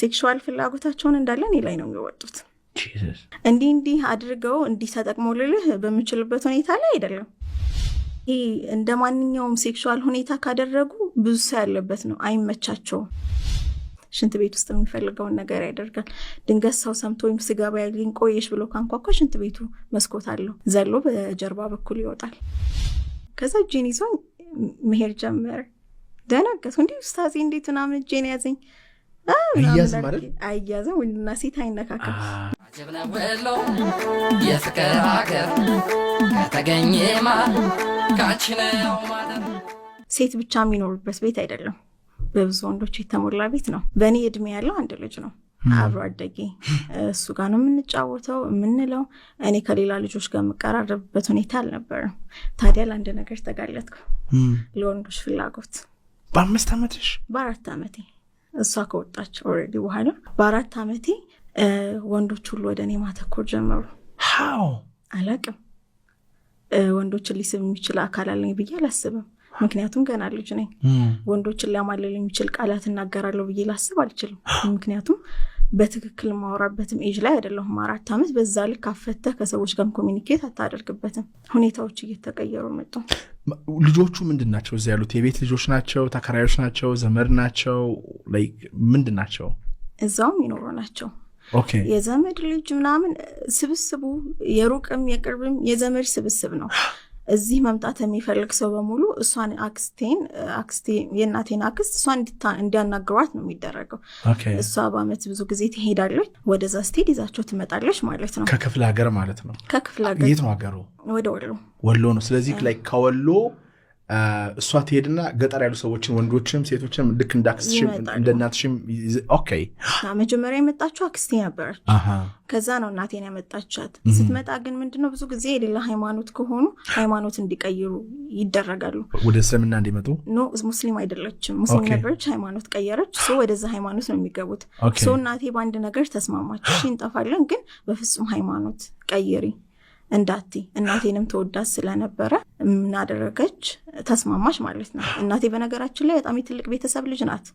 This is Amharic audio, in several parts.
ሴክሹዋል ፍላጎታቸውን እንዳለ እኔ ላይ ነው የሚወጡት። እንዲህ እንዲህ አድርገው እንዲህ ተጠቅመው ልልህ በምችልበት ሁኔታ ላይ አይደለም። ይህ እንደ ማንኛውም ሴክሹዋል ሁኔታ ካደረጉ ብዙ ሰው ያለበት ነው፣ አይመቻቸውም። ሽንት ቤት ውስጥ የሚፈልገውን ነገር ያደርጋል። ድንገት ሰው ሰምቶ ወይም ስገባ ያገኝ ቆየሽ ብሎ ካንኳኳ ሽንት ቤቱ መስኮት አለው፣ ዘሎ በጀርባ በኩል ይወጣል። ከዛ እጄን ይዞኝ መሄድ ጀመረ። ደነገጥኩ። እንዲህ ውስታዜ እንዴት ምናምን እጄን ያዘኝ። አያዝ ማለት አያዘ ወንድና ሴት አይነካከል። የፍቅር ሀገር ሴት ብቻ የሚኖሩበት ቤት አይደለም። በብዙ ወንዶች የተሞላ ቤት ነው። በእኔ እድሜ ያለው አንድ ልጅ ነው አብሮ አደጌ። እሱ ጋር ነው የምንጫወተው የምንለው። እኔ ከሌላ ልጆች ጋር የምቀራረብበት ሁኔታ አልነበረም። ታዲያ ለአንድ ነገር ተጋለጥኩ፣ ለወንዶች ፍላጎት። በአምስት ዓመትሽ? በአራት ዓመቴ እሷ ከወጣች ኦልሬዲ በኋላ በአራት ዓመቴ ወንዶች ሁሉ ወደ እኔ ማተኮር ጀመሩ። ው አላቅም ወንዶችን ሊስብ የሚችል አካል አለኝ ብዬ አላስብም። ምክንያቱም ገና ልጅ ነኝ። ወንዶችን ሊያማልል የሚችል ቃላት እናገራለሁ ብዬ ላስብ አልችልም። ምክንያቱም በትክክል ማወራበትም ኤጅ ላይ አይደለሁም። አራት ዓመት በዛ ልክ አፈተ ከሰዎች ጋር ኮሚኒኬት አታደርግበትም። ሁኔታዎች እየተቀየሩ መጡ። ልጆቹ ምንድን ናቸው? እዚ ያሉት የቤት ልጆች ናቸው? ተከራዮች ናቸው? ዘመድ ናቸው? ምንድን ናቸው? እዛውም ይኖሩ ናቸው። የዘመድ ልጅ ምናምን ስብስቡ የሩቅም የቅርብም የዘመድ ስብስብ ነው። እዚህ መምጣት የሚፈልግ ሰው በሙሉ እሷን አክስቴን አክስቴ የእናቴን አክስት እሷን እንዲያናግሯት ነው የሚደረገው። እሷ በአመት ብዙ ጊዜ ትሄዳለች። ወደዛ ስትሄድ ይዛቸው ትመጣለች ማለት ነው። ከክፍለ ሀገር ማለት ነው። ከክፍለ ሀገር የት ነው ሀገሩ? ወደ ወሎ ወሎ ነው። ስለዚህ ላይ ከወሎ እሷ ትሄድና ገጠር ያሉ ሰዎችን ወንዶችም ሴቶችም ልክ እንደ ኦኬ መጀመሪያ የመጣችው አክስቴ ነበረች። ከዛ ነው እናቴን ያመጣቻት። ስትመጣ ግን ምንድነው ብዙ ጊዜ የሌላ ሃይማኖት ከሆኑ ሃይማኖት እንዲቀይሩ ይደረጋሉ፣ ወደ እስልምና እንዲመጡ። ኖ ሙስሊም አይደለችም፣ ሙስሊም ነበረች፣ ሃይማኖት ቀየረች። ሶ ወደዛ ሃይማኖት ነው የሚገቡት። ሶ እናቴ በአንድ ነገር ተስማማች፣ እንጠፋለን፣ ግን በፍጹም ሃይማኖት ቀይሪ እንዳቲ እናቴንም ተወዳት ስለነበረ ምናደረገች ተስማማች ማለት ነው። እናቴ በነገራችን ላይ በጣም የትልቅ ቤተሰብ ልጅ ናት፣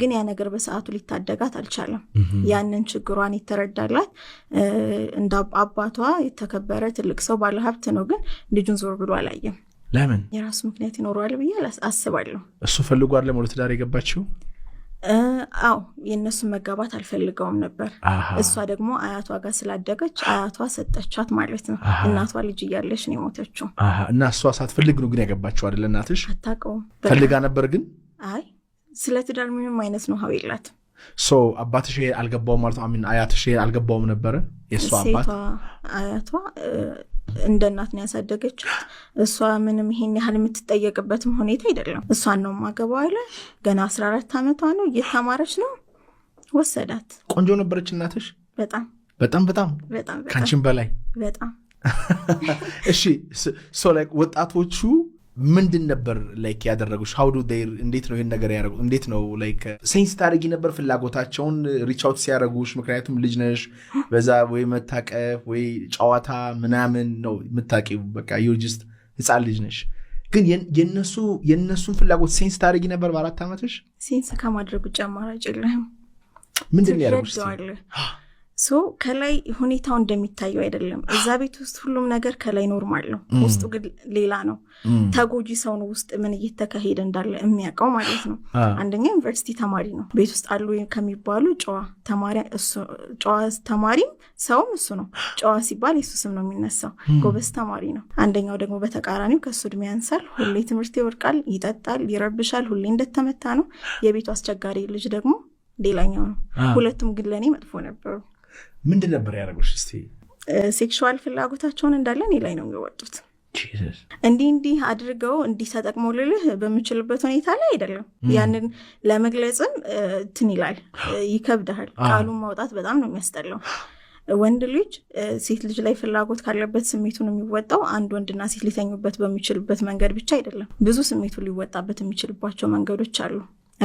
ግን ያ ነገር በሰዓቱ ሊታደጋት አልቻለም። ያንን ችግሯን የተረዳላት እንደ አባቷ የተከበረ ትልቅ ሰው ባለሀብት ነው፣ ግን ልጁን ዞር ብሎ አላየም። ለምን? የራሱ ምክንያት ይኖረዋል ብዬ አስባለሁ። እሱ ፈልጓ ወደ ትዳር የገባችው አዎ የእነሱን መጋባት አልፈልገውም ነበር። እሷ ደግሞ አያቷ ጋር ስላደገች አያቷ ሰጠቻት ማለት ነው። እናቷ ልጅ እያለች ነው የሞተችው እና እሷ ሳትፈልግ ነው ግን ያገባችው አይደለ? እናትሽ አታውቀውም። ፈልጋ ነበር ግን አይ ስለ ትዳር ምንም አይነት ነው ሀው የላትም። አባትሽ ይሄ አልገባውም ማለት አያትሽ ይሄ አልገባውም ነበረ የእሷ አባት አያቷ እንደ እናት ነው ያሳደገችው። እሷ ምንም ይሄን ያህል የምትጠየቅበትም ሁኔታ አይደለም። እሷን ነው ማገባው አለ። ገና አስራ አራት ዓመቷ ነው፣ እየተማረች ነው። ወሰዳት። ቆንጆ ነበረች እናትሽ? በጣም በጣም በጣም በጣም ከአንቺም በላይ በጣም እሺ። ወጣቶቹ ምንድን ነበር ላይክ ያደረጉሽ? ሀውዱ ዴር እንዴት ነው ይህን ነገር ያደረጉ? እንዴት ነው ላይክ ሴንስ ታደርጊ ነበር ፍላጎታቸውን ሪቻውት ሲያደረጉሽ? ምክንያቱም ልጅ ነሽ፣ በዛ ወይ መታቀፍ ወይ ጨዋታ ምናምን ነው የምታውቂው። በቃ ዩጅስት ህፃን ልጅ ነሽ። ግን የነሱ የነሱን ፍላጎት ሴንስ ታደርጊ ነበር በአራት ዓመትሽ? ሴንስ ከማድረግ ውጭ አማራጭ የለህም። ምንድን ነው ያደረጉሽ? ሶ ከላይ ሁኔታው እንደሚታየው አይደለም። እዛ ቤት ውስጥ ሁሉም ነገር ከላይ ኖርማል ነው፣ ውስጡ ግን ሌላ ነው። ተጎጂ ሰው ነው ውስጥ ምን እየተካሄደ እንዳለ የሚያውቀው ማለት ነው። አንደኛ ዩኒቨርሲቲ ተማሪ ነው። ቤት ውስጥ አሉ ከሚባሉ ጨዋ ተማሪም ሰውም እሱ ነው። ጨዋ ሲባል የሱ ስም ነው የሚነሳው። ጎበዝ ተማሪ ነው። አንደኛው ደግሞ በተቃራኒው ከእሱ እድሜ ያንሳል። ሁሌ ትምህርት ይወርቃል፣ ይጠጣል፣ ይረብሻል። ሁሌ እንደተመታ ነው። የቤቱ አስቸጋሪ ልጅ ደግሞ ሌላኛው ነው። ሁለቱም ግን ለእኔ መጥፎ ነበሩ። ምንድን ነበር ያደረጉች? እስኪ ሴክሽዋል ፍላጎታቸውን እንዳለ እኔ ላይ ነው የሚወጡት። እንዲህ እንዲህ አድርገው እንዲህ ተጠቅሞ ልልህ በምችልበት ሁኔታ ላይ አይደለም። ያንን ለመግለጽም እንትን ይላል፣ ይከብድሃል። ቃሉን ማውጣት በጣም ነው የሚያስጠላው። ወንድ ልጅ ሴት ልጅ ላይ ፍላጎት ካለበት ስሜቱን የሚወጣው አንድ ወንድና ሴት ሊተኙበት በሚችልበት መንገድ ብቻ አይደለም። ብዙ ስሜቱ ሊወጣበት የሚችልባቸው መንገዶች አሉ።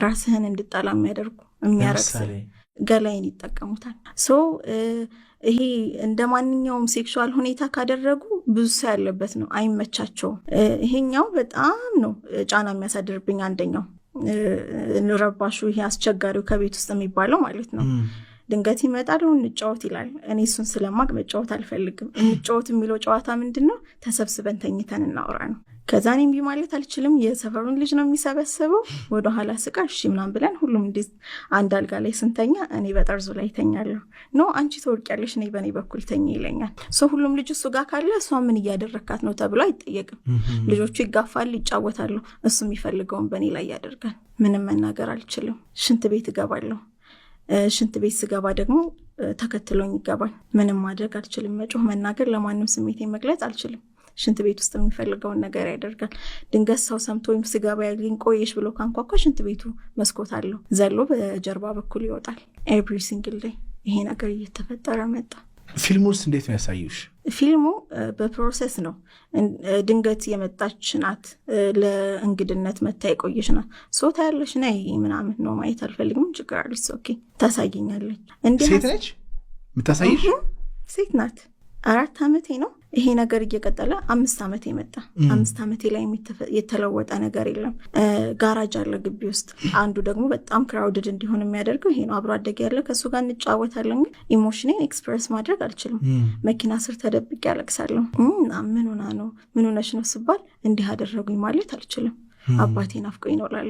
ራስህን እንድጠላ የሚያደርጉ የሚያረግ ገላይን ይጠቀሙታል። ሶ ይሄ እንደ ማንኛውም ሴክሹዋል ሁኔታ ካደረጉ ብዙ ሰው ያለበት ነው፣ አይመቻቸውም። ይሄኛው በጣም ነው ጫና የሚያሳድርብኝ አንደኛው ረባሹ ይሄ አስቸጋሪው ከቤት ውስጥ የሚባለው ማለት ነው። ድንገት ይመጣል፣ እንጫወት ይላል። እኔ እሱን ስለማቅ መጫወት አልፈልግም። እንጫወት የሚለው ጨዋታ ምንድን ነው? ተሰብስበን ተኝተን እናውራ ነው። ከዛ እኔ እምቢ ማለት አልችልም። የሰፈሩን ልጅ ነው የሚሰበስበው። ወደኋላ ስቃ እሺ ምናምን ብለን ሁሉም እንዲ አንድ አልጋ ላይ ስንተኛ እኔ በጠርዙ ላይ ተኛለሁ። ኖ አንቺ ተወድቂያለሽ፣ እኔ በእኔ በኩል ተኝ ይለኛል። ሁሉም ልጅ እሱ ጋር ካለ እሷ ምን እያደረካት ነው ተብሎ አይጠየቅም። ልጆቹ ይጋፋል፣ ይጫወታሉ። እሱ የሚፈልገውን በእኔ ላይ ያደርጋል። ምንም መናገር አልችልም። ሽንት ቤት እገባለሁ። ሽንት ቤት ስገባ ደግሞ ተከትሎኝ ይገባል። ምንም ማድረግ አልችልም። መጮህ፣ መናገር፣ ለማንም ስሜቴ መግለጽ አልችልም። ሽንት ቤት ውስጥ የሚፈልገውን ነገር ያደርጋል። ድንገት ሰው ሰምቶ ወይም ስገባ ያገኝ ቆየሽ ብሎ ካንኳኳ ሽንት ቤቱ መስኮት አለው ዘሎ በጀርባ በኩል ይወጣል። ኤቭሪ ሲንግል ዴይ ይሄ ነገር እየተፈጠረ መጣ። ፊልሙ ውስጥ እንዴት ነው ያሳዩሽ? ፊልሙ በፕሮሰስ ነው። ድንገት የመጣች ናት፣ ለእንግድነት መታ የቆየች ናት። ሶታ ያለሽ ና ምናምን ነው ማየት አልፈልግም፣ ችግር አለች። ታሳየኛለች። ሴት ነች የምታሳይሽ? ሴት ናት። አራት ዓመቴ ነው ይሄ ነገር እየቀጠለ አምስት ዓመቴ መጣ። አምስት ዓመቴ ላይ የተለወጠ ነገር የለም። ጋራጅ አለ ግቢ ውስጥ። አንዱ ደግሞ በጣም ክራውድድ እንዲሆን የሚያደርገው ይሄ ነው። አብሮ አደግ ያለ ከእሱ ጋር እንጫወታለን፣ ግን ኢሞሽኔን ኤክስፕረስ ማድረግ አልችልም። መኪና ስር ተደብቅ ያለቅሳለሁ። ምን ሆና ነው ምን ሆነሽ ነው ስባል እንዲህ አደረጉኝ ማለት አልችልም። አባቴን ናፍቆኝ ነው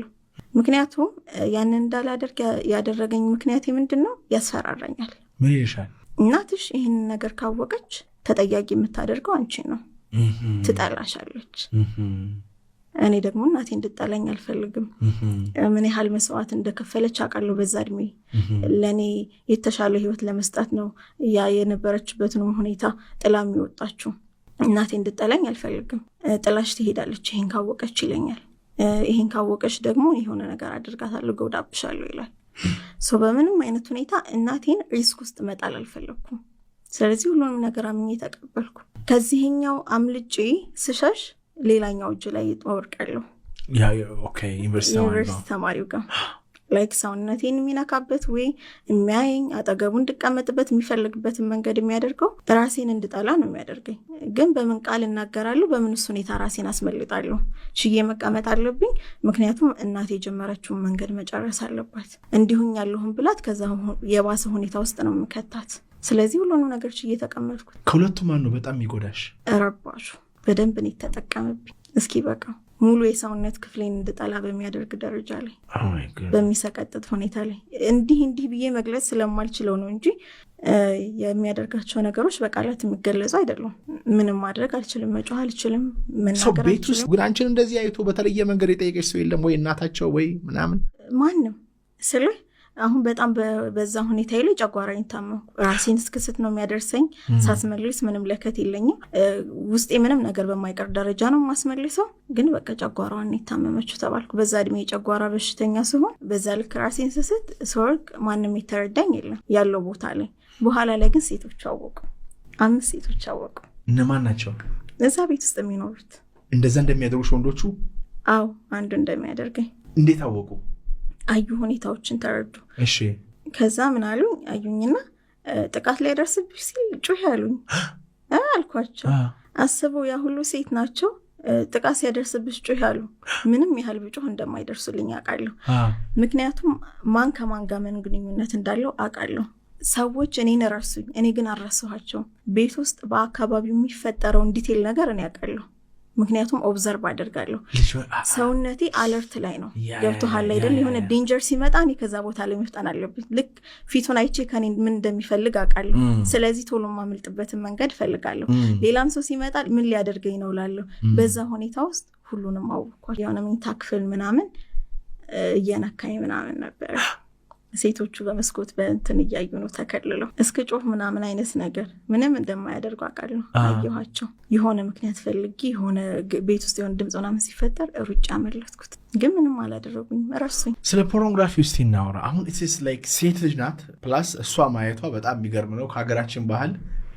ምክንያቱም ያንን እንዳላደርግ ያደረገኝ ምክንያት ምንድን ነው? ያስፈራራኛል። ምን ይሻል እናትሽ ይህን ነገር ካወቀች ተጠያቂ የምታደርገው አንቺ ነው። ትጠላሻለች። እኔ ደግሞ እናቴ እንድጠላኝ አልፈልግም። ምን ያህል መስዋዕት እንደከፈለች አውቃለሁ። በዛ እድሜ ለእኔ የተሻለ ህይወት ለመስጣት ነው ያ የነበረችበትንም ሁኔታ ጥላ የሚወጣችው። እናቴ እንድጠላኝ አልፈልግም። ጥላሽ ትሄዳለች ይሄን ካወቀች ይለኛል። ይሄን ካወቀች ደግሞ የሆነ ነገር አድርጋታለሁ፣ ገውዳብሻለሁ ይላል። ሰው በምንም አይነት ሁኔታ እናቴን ሪስክ ውስጥ መጣል አልፈለግኩም። ስለዚህ ሁሉንም ነገር አምኜ ተቀበልኩ። ከዚህኛው አምልጬ ስሸሽ ሌላኛው እጅ ላይ ወርቃለሁ ዩኒቨርሲቲ ተማሪው ጋር ላይክ ሰውነቴን የሚነካበት ወይ የሚያየኝ አጠገቡ እንድቀመጥበት የሚፈልግበትን መንገድ የሚያደርገው ራሴን እንድጠላ ነው የሚያደርገኝ። ግን በምን ቃል እናገራለሁ? በምንስ ሁኔታ ራሴን አስመልጣለሁ? ችዬ መቀመጥ አለብኝ። ምክንያቱም እናቴ የጀመረችውን መንገድ መጨረስ አለባት። እንዲሁኝ ያለሁን ብላት ከዛ የባሰ ሁኔታ ውስጥ ነው የምከታት። ስለዚህ ሁሉኑ ነገር ችዬ ተቀመጥኩት። ማን ነው በጣም ይጎዳሽ? ረባሹ በደንብ እኔ ተጠቀምብኝ። እስኪ በቃ ሙሉ የሰውነት ክፍሌን እንድጠላ በሚያደርግ ደረጃ ላይ oh በሚሰቀጥጥ ሁኔታ ላይ እንዲህ እንዲህ ብዬ መግለጽ ስለማልችለው ነው እንጂ የሚያደርጋቸው ነገሮች በቃላት የሚገለጹ አይደሉም። ምንም ማድረግ አልችልም፣ መጮህ አልችልም፣ መናገር ቤት ውስጥ ግን አንቺን እንደዚህ አይቶ በተለየ መንገድ የጠየቀች ሰው የለም ወይ እናታቸው ወይ ምናምን ማንም ስልህ አሁን በጣም በዛ ሁኔታ ይሎ ጨጓራኝ ታመምኩ። ራሴን እስክስት ነው የሚያደርሰኝ። ሳስመልስ ምንም ለከት የለኝም። ውስጤ ምንም ነገር በማይቀር ደረጃ ነው የማስመልሰው። ግን በቃ ጨጓራዋን የታመመችው ተባልኩ። በዛ እድሜ የጨጓራ በሽተኛ ሲሆን በዛ ልክ ራሴን ስስት ስወርቅ ማንም የተረዳኝ የለም ያለው ቦታ ላይ። በኋላ ላይ ግን ሴቶች አወቁ፣ አምስት ሴቶች አወቁ። እነማን ናቸው? እዛ ቤት ውስጥ የሚኖሩት እንደዛ እንደሚያደርጉሽ ወንዶቹ? አዎ አንዱ እንደሚያደርገኝ። እንዴት አወቁ? አዩ ሁኔታዎችን ተረዱ። እሺ ከዛ ምን አሉኝ? አዩኝና ጥቃት ላይ ደርስብሽ ሲል ጩህ ያሉኝ አልኳቸው። አስበው ያ ሁሉ ሴት ናቸው ጥቃት ሲያደርስብሽ ጩህ ያሉ። ምንም ያህል ብጮህ እንደማይደርሱልኝ አውቃለሁ። ምክንያቱም ማን ከማን ጋር ምን ግንኙነት እንዳለው አውቃለሁ። ሰዎች እኔን ረሱኝ፣ እኔ ግን አልረሳኋቸውም። ቤት ውስጥ በአካባቢው የሚፈጠረውን ዲቴል ነገር እኔ አውቃለሁ። ምክንያቱም ኦብዘርቭ አደርጋለሁ። ሰውነቴ አለርት ላይ ነው። ገብቶሃል አይደል? የሆነ ዴንጀር ሲመጣ እኔ ከዛ ቦታ ላይ መፍጠን አለብኝ። ልክ ፊቱን አይቼ ከኔ ምን እንደሚፈልግ አውቃለሁ። ስለዚህ ቶሎ ማምልጥበትን መንገድ እፈልጋለሁ። ሌላም ሰው ሲመጣ ምን ሊያደርገኝ ነው ላለሁ። በዛ ሁኔታ ውስጥ ሁሉንም አወቅኳል። የሆነ መኝታ ክፍል ምናምን እየነካኝ ምናምን ነበር ሴቶቹ በመስኮት በእንትን እያዩ ነው ተከልለው እስከ ጮፍ ምናምን አይነት ነገር ምንም እንደማያደርጉ አውቃለሁ ነው አየኋቸው። የሆነ ምክንያት ፈልጊ የሆነ ቤት ውስጥ የሆነ ድምፅ ምናምን ሲፈጠር ሩጫ መለትኩት፣ ግን ምንም አላደረጉኝም፣ ረሱኝ። ስለ ፖርኖግራፊ ውስጥ ይናወራ አሁን ኢትስ ላይክ ሴት ልጅ ናት ፕላስ እሷ ማየቷ በጣም የሚገርም ነው ከሀገራችን ባህል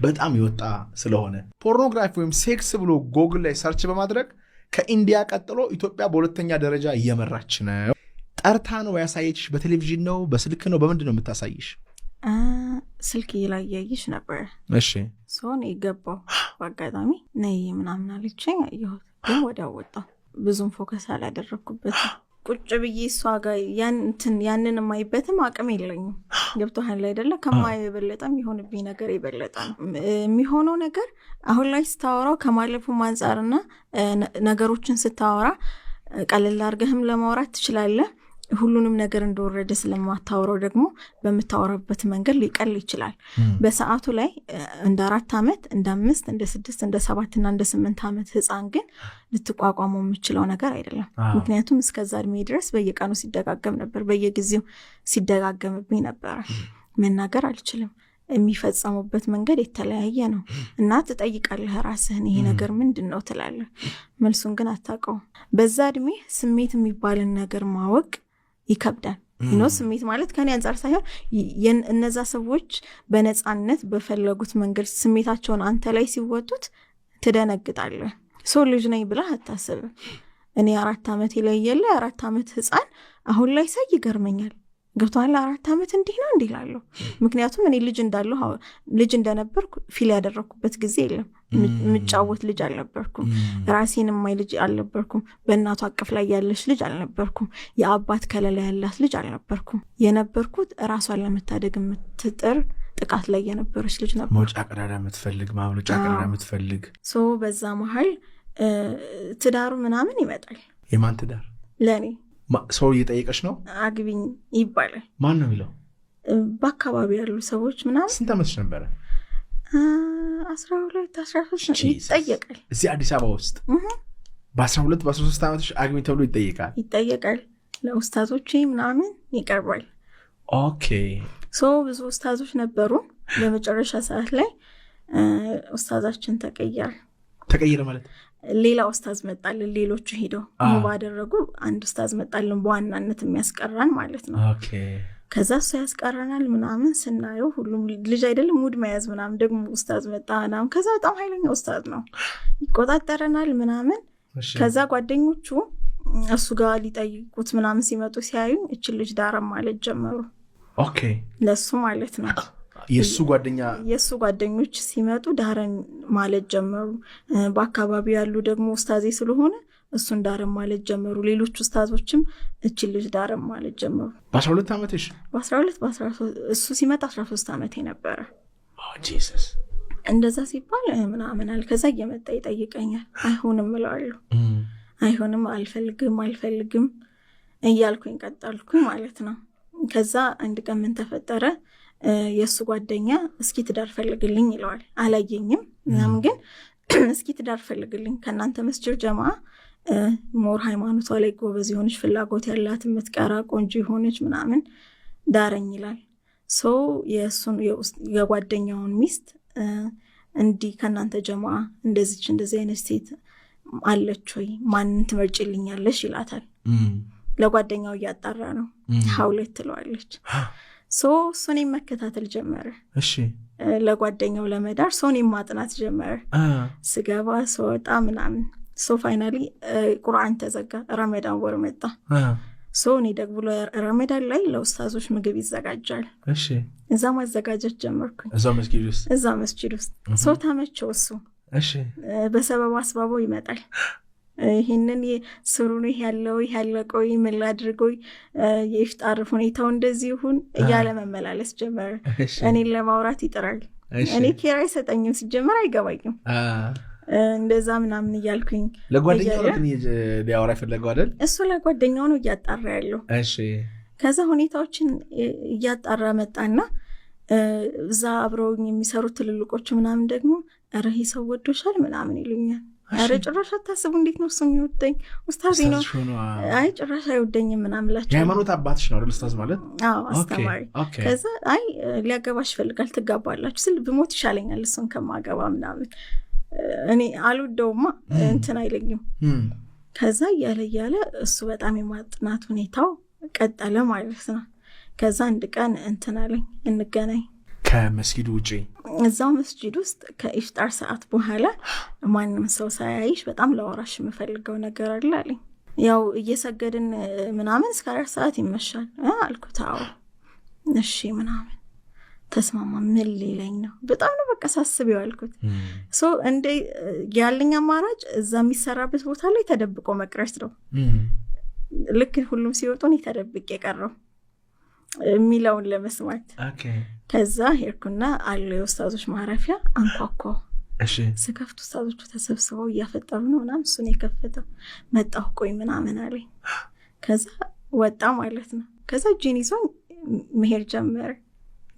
በጣም የወጣ ስለሆነ ፖርኖግራፊ ወይም ሴክስ ብሎ ጎግል ላይ ሰርች በማድረግ ከኢንዲያ ቀጥሎ ኢትዮጵያ በሁለተኛ ደረጃ እየመራች ነው። ጠርታ ነው ያሳየችሽ? በቴሌቪዥን ነው በስልክ ነው በምንድን ነው የምታሳይሽ? ስልክ ላይ እያየች እሺ ሲሆን የገባው በአጋጣሚ ነይ ምናምን አለችኝ። አየሁት ግን ወዲያው ወጣ። ብዙም ፎከስ አላደረግኩበት ቁጭ ብዬ እሷ ጋር ያንን የማይበትም አቅም የለኝም። ገብቶሃል አይደለ? ከማየው የበለጠ የሚሆንብኝ ነገር የበለጠ ነው የሚሆነው ነገር አሁን ላይ ስታወራው ከማለፉ አንጻርና ነገሮችን ስታወራ ቀለል አድርገህም ለማውራት ትችላለህ ሁሉንም ነገር እንደወረደ ስለማታውረው ደግሞ በምታወራበት መንገድ ሊቀል ይችላል። በሰዓቱ ላይ እንደ አራት ዓመት እንደ አምስት እንደ ስድስት እንደ ሰባት እንደ ስምንት ዓመት ህፃን ግን ልትቋቋመው የምችለው ነገር አይደለም። ምክንያቱም እስከዛ እድሜ ድረስ በየቀኑ ሲደጋገም ነበር፣ በየጊዜው ሲደጋገምብኝ ነበረ። መናገር አልችልም። የሚፈጸሙበት መንገድ የተለያየ ነው እና ትጠይቃለህ ራስህን ይሄ ነገር ምንድን ነው ትላለህ። መልሱን ግን አታውቀውም። በዛ እድሜ ስሜት የሚባልን ነገር ማወቅ ይከብዳል። ይኖ ስሜት ማለት ከኔ አንጻር ሳይሆን እነዛ ሰዎች በነፃነት በፈለጉት መንገድ ስሜታቸውን አንተ ላይ ሲወጡት ትደነግጣለ ሰው ልጅ ነኝ ብላ አታስብም። እኔ አራት ዓመት የለየለ አራት ዓመት ህፃን አሁን ላይ ሳይ ይገርመኛል። ገብቶሃል? አራት ዓመት እንዲህ ነው እንዲህ ምክንያቱም እኔ ልጅ እንዳለሁ ልጅ እንደነበርኩ ፊል ያደረግኩበት ጊዜ የለም። የምጫወት ልጅ አልነበርኩም። ራሴን ማይ ልጅ አልነበርኩም። በእናቷ አቀፍ ላይ ያለች ልጅ አልነበርኩም። የአባት ከለላ ያላት ልጅ አልነበርኩም። የነበርኩት ራሷን ለመታደግ የምትጥር ጥቃት ላይ የነበረች ልጅ ነበር። መውጫ ቀዳዳ የምትፈልግ ማምለጫ ቀዳዳ የምትፈልግ ሰው። በዛ መሀል ትዳሩ ምናምን ይመጣል። የማን ትዳር? ለእኔ ሰው እየጠየቀች ነው አግቢኝ ይባላል። ማን ነው የሚለው? በአካባቢ ያሉ ሰዎች ምናምን። ስንት ዓመትሽ ነበረ? አስራ ሁለት አስራ ሶስት ይጠየቃል። እዚህ አዲስ አበባ ውስጥ በአስራ ሁለት በአስራ ሶስት ዓመቶች አግቢ ተብሎ ይጠየቃል ይጠየቃል። ለውስታዞች ምናምን ይቀርባል። ኦኬ ሶ ብዙ ውስታዞች ነበሩ። በመጨረሻ ሰዓት ላይ ውስታዛችን ተቀየረ። ተቀየረ ማለት ሌላ ውስታዝ መጣልን። ሌሎቹ ሄደው ባደረጉ አንድ ውስታዝ መጣልን፣ በዋናነት የሚያስቀራን ማለት ነው። ከዛ እሱ ያስቀረናል ምናምን ስናየው ሁሉም ልጅ አይደለም ሙድ መያዝ ምናምን ደግሞ ኡስታዝ መጣ ምናምን ከዛ በጣም ኃይለኛ ኡስታዝ ነው ይቆጣጠረናል ምናምን ከዛ ጓደኞቹ እሱ ጋር ሊጠይቁት ምናምን ሲመጡ ሲያዩ እችን ልጅ ዳረም ማለት ጀመሩ ለሱ ማለት ነው የእሱ ጓደኛ የእሱ ጓደኞች ሲመጡ ዳረን ማለት ጀመሩ በአካባቢው ያሉ ደግሞ ኡስታዜ ስለሆነ እሱን ዳርም ማለት ጀመሩ። ሌሎች ውስታዞችም እችን ልጅ ዳርም ማለት ጀመሩ። በአስራ ሁለት ዓመትሽ በአስራ ሁለት በአስራ እሱ ሲመጣ አስራ ሶስት ዓመቴ ነበረ። እንደዛ ሲባል ምናምን ከዛ እየመጣ ይጠይቀኛል። አይሆንም እለዋለሁ። አይሆንም አልፈልግም አልፈልግም እያልኩኝ ቀጠልኩኝ ማለት ነው። ከዛ አንድ ቀን ምን ተፈጠረ? የእሱ ጓደኛ እስኪ ትዳር ፈልግልኝ ይለዋል። አላየኝም ምናምን ግን እስኪ ትዳር ፈልግልኝ ከእናንተ መስጅድ ጀማ ሞር ሃይማኖቷ ላይ ጎበዝ የሆነች ፍላጎት ያላት የምትቀራ ቆንጆ የሆነች ምናምን ዳረኝ ይላል። ሰው የእሱን የጓደኛውን ሚስት እንዲህ ከእናንተ ጀማ እንደዚች እንደዚህ አይነት ሴት አለች ወይ ማንን ትመርጭልኛለች ይላታል። ለጓደኛው እያጣራ ነው። ሀውለት ትለዋለች። ሰው እሱን መከታተል ጀመረ። እሺ ለጓደኛው ለመዳር ሰውን ማጥናት ጀመረ። ስገባ ስወጣ ምናምን ሶ ፋይናሊ ቁርአን ተዘጋ፣ ረመዳን ወር መጣ። ሶ እኔ ደግሞ ረመዳን ላይ ለውስታዞች ምግብ ይዘጋጃል። እዛ ማዘጋጀት ጀመርኩኝ፣ እዛ መስጂድ ውስጥ። ሶ ተመቸው እሱ በሰበብ አስባቦ ይመጣል። ይህንን ስሩን ይህ ያለው ይህ ያለቀው ምን ላድርገው፣ የፍጣር ሁኔታው እንደዚህ ይሁን እያለ መመላለስ ጀመረ። እኔን ለማውራት ይጥራል። እኔ ኬራ አይሰጠኝም ሲጀመር አይገባኝም እንደዛ ምናምን እያልኩኝ ለጓደኛው ሊያወራ የፈለገው አይደል? እሱ ለጓደኛው ነው እያጣራ ያለው። እሺ ከዛ ሁኔታዎችን እያጣራ መጣና እዛ አብረውኝ የሚሰሩ ትልልቆች ምናምን ደግሞ ረሄ ሰው ወዶሻል ምናምን ይሉኛል። ኧረ ጭራሽ አታስቡ፣ እንዴት ነው እሱ የሚወደኝ? ኡስታዝ ነው። አይ ጭራሽ አይወደኝም ምናምን እላቸው። የሃይማኖት አባትሽ ነው አይደል ኡስታዝ ማለት? አስተማሪ። ከዛ አይ ሊያገባሽ ይፈልጋል ትጋባላችሁ ስል ብሞት ይሻለኛል እሱን ከማገባ ምናምን እኔ አልወደውማ እንትን አይለኝም። ከዛ እያለ እያለ እሱ በጣም የማጥናት ሁኔታው ቀጠለ ማለት ነው። ከዛ አንድ ቀን እንትን አለኝ እንገናኝ ከመስጊድ ውጭ እዛው መስጂድ ውስጥ ከኢፍጣር ሰዓት በኋላ ማንም ሰው ሳያይሽ በጣም ለወራሽ የምፈልገው ነገር አለ አለኝ። ያው እየሰገድን ምናምን እስከ አራት ሰዓት ይመሻል አልኩት። አዎ እሺ ምናምን ተስማማ ምን ሌለኝ ነው በጣም ነው በቃ ሳስብ ያልኩት እንደ ያለኝ አማራጭ እዛ የሚሰራበት ቦታ ላይ ተደብቆ መቅረት ነው ልክ ሁሉም ሲወጡ እኔ ተደብቅ የቀረው የሚለውን ለመስማት ከዛ ሄድኩና አለ የውስታዞች ማረፊያ አንኳኳ ስከፍቱ ውስታዞቹ ተሰብስበው እያፈጠሩ ነው ምናምን እሱን የከፈተው መጣሁ ቆይ ምናምን አለኝ ከዛ ወጣ ማለት ነው ከዛ እጄን ይዞ መሄድ ጀመር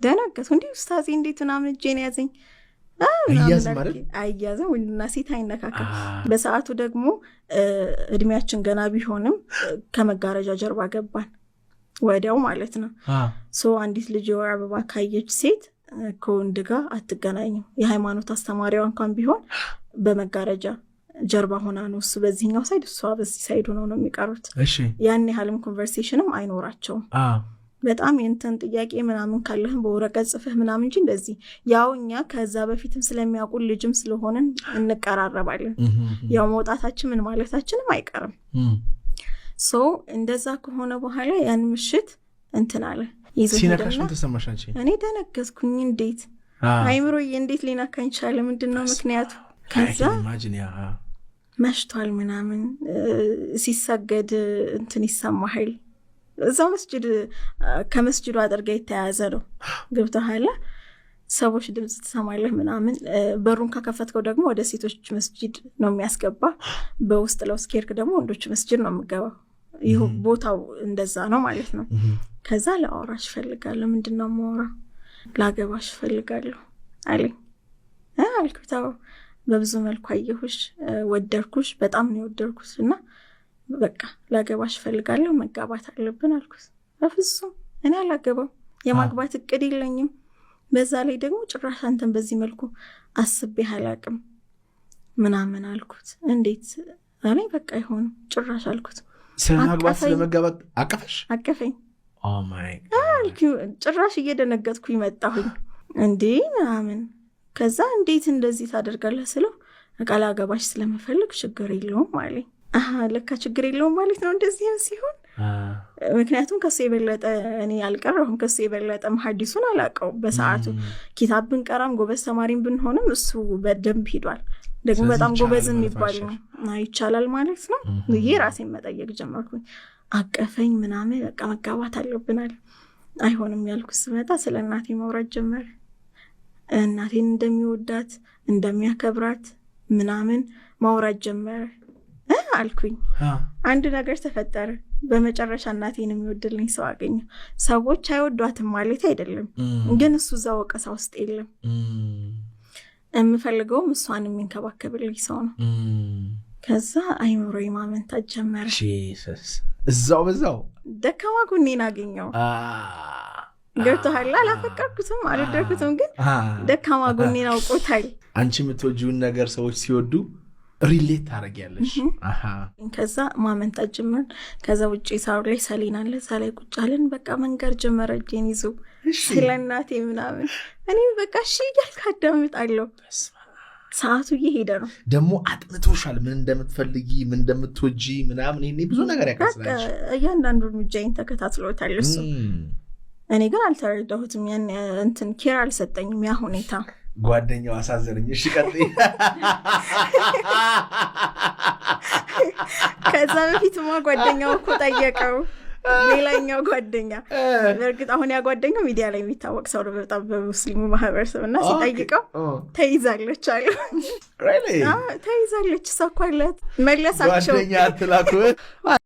ደነገጥኩ። እንዲ ውስታዜ እንዴት ምናምን እጄን ያዘኝ። አያዝም ወንድና ሴት አይነካከል። በሰዓቱ ደግሞ እድሜያችን ገና ቢሆንም ከመጋረጃ ጀርባ ገባን ወዲያው ማለት ነው። ሶ አንዲት ልጅ የወር አበባ ካየች ሴት ከወንድ ጋር አትገናኝም። የሃይማኖት አስተማሪዋ እንኳን ቢሆን በመጋረጃ ጀርባ ሆና ነው እሱ በዚህኛው ሳይድ፣ እሷ በዚህ ሳይድ ሆነው ነው የሚቀሩት። ያን ያህልም ኮንቨርሴሽንም አይኖራቸውም። በጣም የእንትን ጥያቄ ምናምን ካለህን በወረቀት ጽፍህ ምናምን እንጂ እንደዚህ ያው እኛ ከዛ በፊትም ስለሚያውቁ ልጅም ስለሆንን እንቀራረባለን። ያው መውጣታችን ምን ማለታችንም አይቀርም። ሶ እንደዛ ከሆነ በኋላ ያን ምሽት እንትን አለ ይዘሲነካሽን ተሰማሽ? እኔ ደነገዝኩኝ። እንዴት አይምሮዬ እንዴት ሊነካኝ ቻለ? ምንድነው ምክንያቱ? ከዛ መሽቷል ምናምን ሲሰገድ እንትን ይሰማሃል እዛው መስጅድ ከመስጅዱ አድርጋ የተያያዘ ነው። ገብቶሃል? ሰዎች ድምፅ ትሰማለህ ምናምን። በሩን ከከፈትከው ደግሞ ወደ ሴቶች መስጅድ ነው የሚያስገባ። በውስጥ ለውስጥ ኬርክ ደግሞ ወንዶች መስጅድ ነው የምገባው። ይህ ቦታው እንደዛ ነው ማለት ነው። ከዛ ለአውራሽ እፈልጋለሁ። ምንድን ነው የማወራው? ላገባሽ እፈልጋለሁ አለኝ። አልኩት፣ አዎ በብዙ መልኩ አየሁሽ፣ ወደድኩሽ፣ በጣም ነው የወደድኩት እና በቃ ላገባሽ እፈልጋለሁ መጋባት አለብን አልኩት። በፍጹም እኔ አላገባም፣ የማግባት እቅድ የለኝም። በዛ ላይ ደግሞ ጭራሽ አንተን በዚህ መልኩ አስቤ አላቅም ምናምን አልኩት። እንዴት እኔ በቃ አይሆንም ጭራሽ አልኩት። ስለማግባት ስለመጋባት አቀፈሽ? አቀፈኝ። oh ጭራሽ እየደነገጥኩ ይመጣሁኝ እንዴ ምናምን። ከዛ እንዴት እንደዚህ ታደርጋለህ ስለው ቃል አገባሽ ስለምፈልግ ችግር የለውም አለኝ። ለካ ችግር የለውም ማለት ነው እንደዚህም ሲሆን ምክንያቱም ከሱ የበለጠ እኔ አልቀረሁም። ከሱ የበለጠ መሀዲሱን አላቀው በሰዓቱ ኪታብ ብንቀራም ጎበዝ ተማሪም ብንሆንም እሱ በደንብ ሂዷል። ደግሞ በጣም ጎበዝ የሚባል ነው ይቻላል ማለት ነው። ይሄ ራሴን መጠየቅ ጀመርኩኝ። አቀፈኝ ምናምን በቃ መጋባት አለብናል። አይሆንም ያልኩት ስመጣ ስለ እናቴ ማውራት ጀመር እናቴን እንደሚወዳት እንደሚያከብራት ምናምን ማውራት ጀመር። አልኩኝ። አንድ ነገር ተፈጠረ። በመጨረሻ እናቴን የሚወድልኝ ሰው አገኘሁ። ሰዎች አይወዷትም ማለት አይደለም፣ ግን እሱ እዛ ወቀሳ ውስጥ የለም። የምፈልገውም እሷን የሚንከባከብልኝ ሰው ነው። ከዛ አይምሮ ማመንታት ጀመረ። እዛው በዛው ደካማ ጎኔን አገኘው። ገብቶሃል? አላፈቀርኩትም፣ አልወደድኩትም፣ ግን ደካማ ጎኔን አውቆታል። አንቺ የምትወጂውን ነገር ሰዎች ሲወዱ ሪሌት ታደረጊያለሽ። ከዛ ማመንታት ጀመርን። ከዛ ውጭ ሳሩ ላይ ሰሌን አለ፣ እዛ ቁጭ አለን። በቃ መንገር ጀመረ እጄን ይዞ ስለ እናቴ ምናምን። እኔም በቃ እሺ እያልክ አዳምጣለሁ። ሰዓቱ እየሄደ ነው። ደግሞ አጥንቶሻል፣ ምን እንደምትፈልጊ ምን እንደምትወጂ ምናምን። ይሄኔ ብዙ ነገር ያካስላል። እያንዳንዱ እርምጃዬን ተከታትሎታል እሱ። እኔ ግን አልተረዳሁትም። ያን እንትን ኬር አልሰጠኝም ያ ሁኔታ ጓደኛው አሳዘነኝ። እሺ ቀጥይ። ከዛ በፊትማ ጓደኛው እኮ ጠየቀው ሌላኛው ጓደኛ በእርግጥ አሁን ያ ጓደኛው ሚዲያ ላይ የሚታወቅ ሰው በጣም በሙስሊሙ ማህበረሰብ እና ሲጠይቀው ተይዛለች አለ። ተይዛለች እሷ እኮ አላት መለሳቸው። ጓደኛ አትላኩ